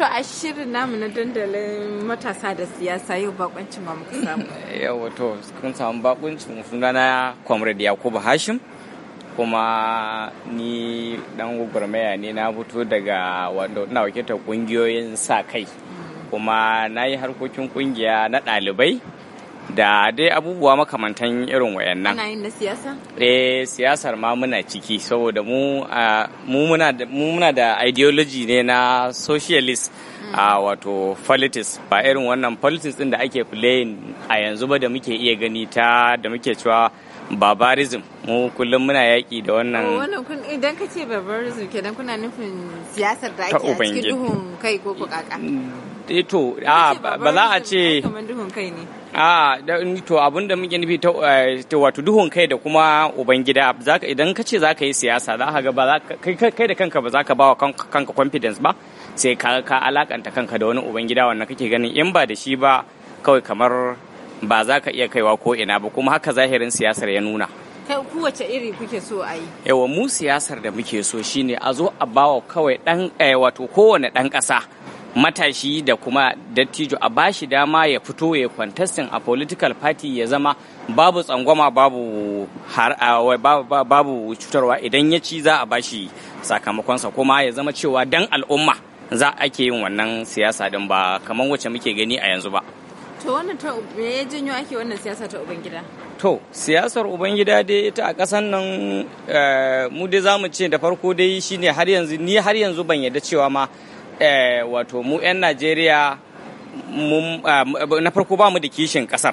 To a shirin namu na dandalin matasa da siyasa yau bakuncin ma muka samu. Yau to kun samu bakuncin sunana Comrade Yakubu Hashim kuma ni dan gwagwarmaya ne na fito daga wanda na wakiltar kungiyoyin sa kai kuma na yi harkokin kungiya na ɗalibai da dai abubuwa makamantan irin wayannan ana yin na siyasa eh siyasar ma muna ciki saboda mu mu muna da ideology ne na socialist mm. a wato politics ba irin wannan politics din da ake playing a yanzu ba da muke iya gani ta da muke cewa barbarism mu kullum muna yaƙi da wannan oh, wannan idan ka ce barbarism kenan kuna nufin siyasar da ake a cikin duhun kai ko kaka mm. eh to ba za a ce Ah, a to abin da muke nufi eh, ta wato duhun kai da kuma ubangida idan ka ce za ka yi siyasa za ka kai da kanka ba za ka ba kanka confidence ba sai ka ka alakanta kanka da wani ubangida wannan kake ganin in ba da shi ba kawai kamar ba za ka iya kaiwa ko ina ba kuma haka zahirin siyasar ya nuna kowace iri kuke so a yi yawa mu siyasar da muke so shine a zo a bawa kawai dan eh, wato kowane dan kasa matashi da kuma dattijo a bashi dama ya fito ya contesting a political party ya zama babu tsangwama babu babu cutarwa idan ya ci za a bashi sakamakonsa kuma ya zama cewa dan al'umma za a ke yin wannan siyasa din ba kamar wacce muke gani a yanzu ba to wannan ta me ya janyo ake wannan siyasa ta ubangida to siyasar ubangida dai ita a kasan nan eh, mu dai zamu ce da farko dai shine har yanzu ni har yanzu ban yarda cewa ma Eh, wato mu 'yan najeriya ah, eh, na farko ba mu da kishin kasar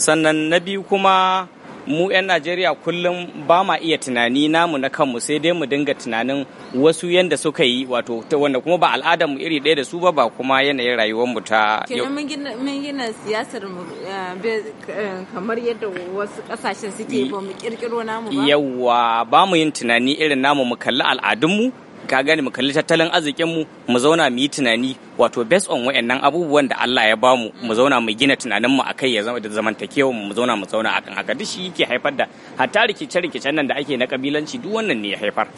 sannan na biyu kuma mu 'yan najeriya kullum ba ma iya tunani namu na kanmu sai dai mu dinga tunanin wasu yadda suka yi wato wanda kuma ba al'adar mu iri ɗaya da su ba ba kuma yanayin rayuwar mu ta kenan mun gina siyasar mu ah, eh, kamar yadda wasu kasashen suke ba mu kirkiro namu ba yawwa ba mu yin tunani irin namu mu kalli al'adun mu ka gane mu kalli tattalin arzikin mu mu zauna mu yi tunani wato based on wayannan abubuwan da Allah ya bamu mu zauna mu gina tunanin mu akai ya zama da zamantakewa mu zauna mu zauna akan haka duk shi yake haifar da hatta rikice rikicen nan da ake na kabilanci duk wannan ne ya haifar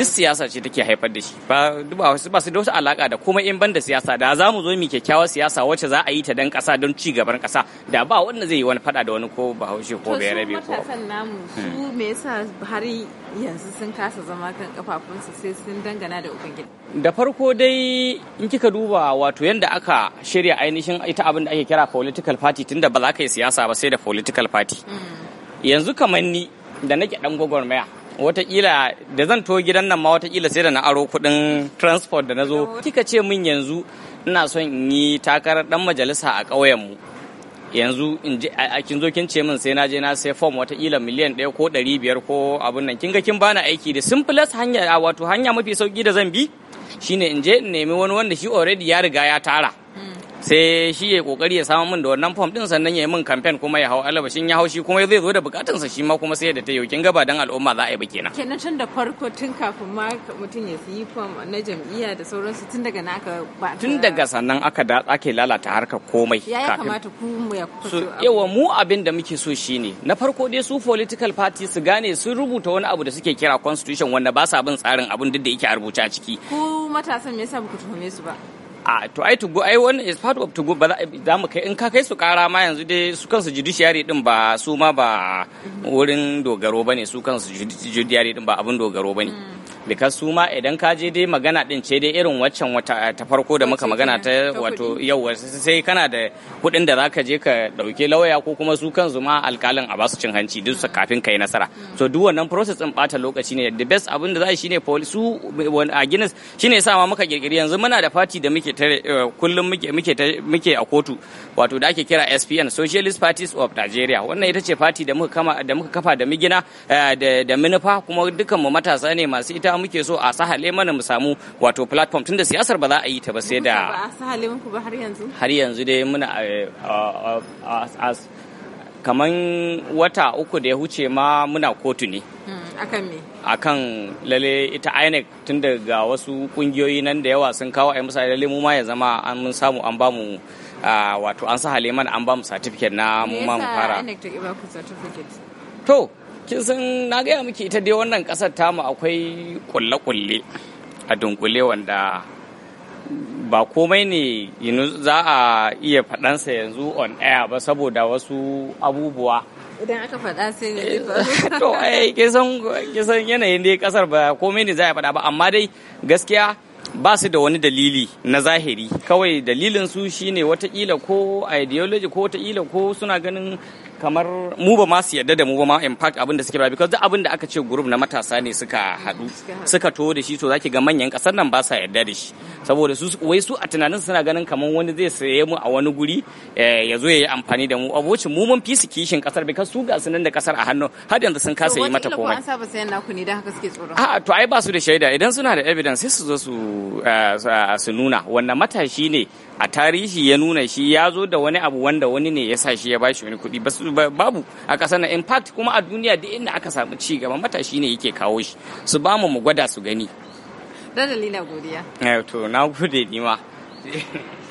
duk siyasa ce take haifar da shi ba ba su da wasu alaka da kuma in banda siyasa da za mu zo mu kyakkyawar siyasa wacce za a yi ta dan kasa don ci gaban kasa da ba wanda zai yi wani fada da wani ko bahaushe ko rabe ko matasan namu su hmm. me yasa har yanzu sun kasa zama kan kafafunsu sai sun dangana da ubangiji da farko dai in kika duba wato yadda aka shirya ainihin ita abin da ake kira political party tunda ba za ka yi siyasa ba sai da political party yanzu kamar ni da nake dan gwagwarmaya watakila da zan to gidan nan ma watakila sai da na aro kudin transport da na zo kika ce min yanzu ina son in yi takarar dan majalisa a ƙauyen mu yanzu kin zo kin ce min sai na je na sai form watakila miliyan ɗaya ko ɗari biyar ko abin nan kin ga kin bani aiki da simplest hanya wato hanya mafi sauki da zan bi shine in je in nemi wani wanda shi already ya riga ya tara sai shi ya kokari ya samu min da wannan form din sannan ya yi min campaign kuma ya hau alabashin ya hau shi kuma zai zo da bukatunsa shi ma kuma sai da ta yau gaba dan al'umma za a yi ba kenan kenan tun da farko tun kafin ma mutum ya yi form na jam'iyya da sauransu tun daga na aka ba tun daga sannan aka da ake lalata harkar komai ya kamata ku mu ya so yawa mu abin da muke so shine na farko dai su political party su gane sun rubuta wani abu da suke kira constitution wanda ba sa bin tsarin abin duk da yake a rubuce a ciki ku matasan me yasa ba ku tuhume su ba a to ai to go ai wannan is part of to go ba za mu kai in ka kai su kara ma yanzu dai su kansu judiciary din ba su ma ba wurin dogaro bane su kansu judiciary din ba abun dogaro bane because su ma idan ka je dai magana din ce dai irin waccan wata ta farko da muka magana ta wato yau sai kana da kuɗin da zaka je ka dauke lauya ko kuma su kansu ma alkalin a basu cin hanci duk kafin kai nasara so duk wannan process din bata lokaci ne the best abin da za shi ne su a Guinness shine yasa ma muka kirkiri yanzu muna da party da muke eh, kullum muke muke muke a kotu wato da ake kira SPN Socialist Parties of Nigeria wannan ita ce party da muka kama da muka kafa da migina eh, da da minifa kuma dukkan mu matasa ne masu ita muke so a sahale mana mu samu wato platform tunda siyasar ba za a yi ta ba sai da har yanzu har yanzu dai muna kaman wata uku da ya huce ma muna kotu ne hmm, akan me akan lalle ita INEC tun daga wasu kungiyoyi nan da yawa sun kawo a musa lalle mu ma ya zama an mun samu an bamu wato an sa mana an bamu certificate na mu ma mu fara INEC to kin san na gaya miki ita dai wannan kasar tamu akwai kulle-kulle a dunkule wanda ba komai ne za a iya faɗansa yanzu on air ba saboda wasu abubuwa idan aka faɗa sai ne eh, to ai eh, kisan yanayin dai kasar ba komai ne za a faɗa ba amma dai gaskiya ba su da wani dalili na zahiri kawai dalilin su shine watakila ko ideology ko watakila ko suna ganin kamar mu ba ma su yarda da mu ba ma impact abin da suke ba because duk abin da aka ce group na matasa ne suka hadu suka to da shi to zaki ga manyan kasar nan ba sa yarda da shi saboda su wai su a tunanin suna ganin kamar wani zai saye mu a wani guri eh, ya zo ya yi amfani da mu abocin mu mun fi su kishin ƙasar because su ga su nan da ƙasar a hannu har yanzu sun kasa yi mata komai. A'a to ai ba su da shaida idan suna da evidence sai su zo su eh, nuna wannan matashi ne a tarihi ya nuna shi ya zo da wani abu wanda wani ne ya sa shi ya ba shi wani kuɗi babu a ƙasar nan impact kuma a duniya duk inda aka samu ci gaba matashi ne yake kawo shi su ba mu mu gwada su gani na godiya Eh to na gode ni ma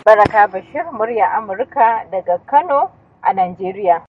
baraka bashir murya amurka daga kano a najeriya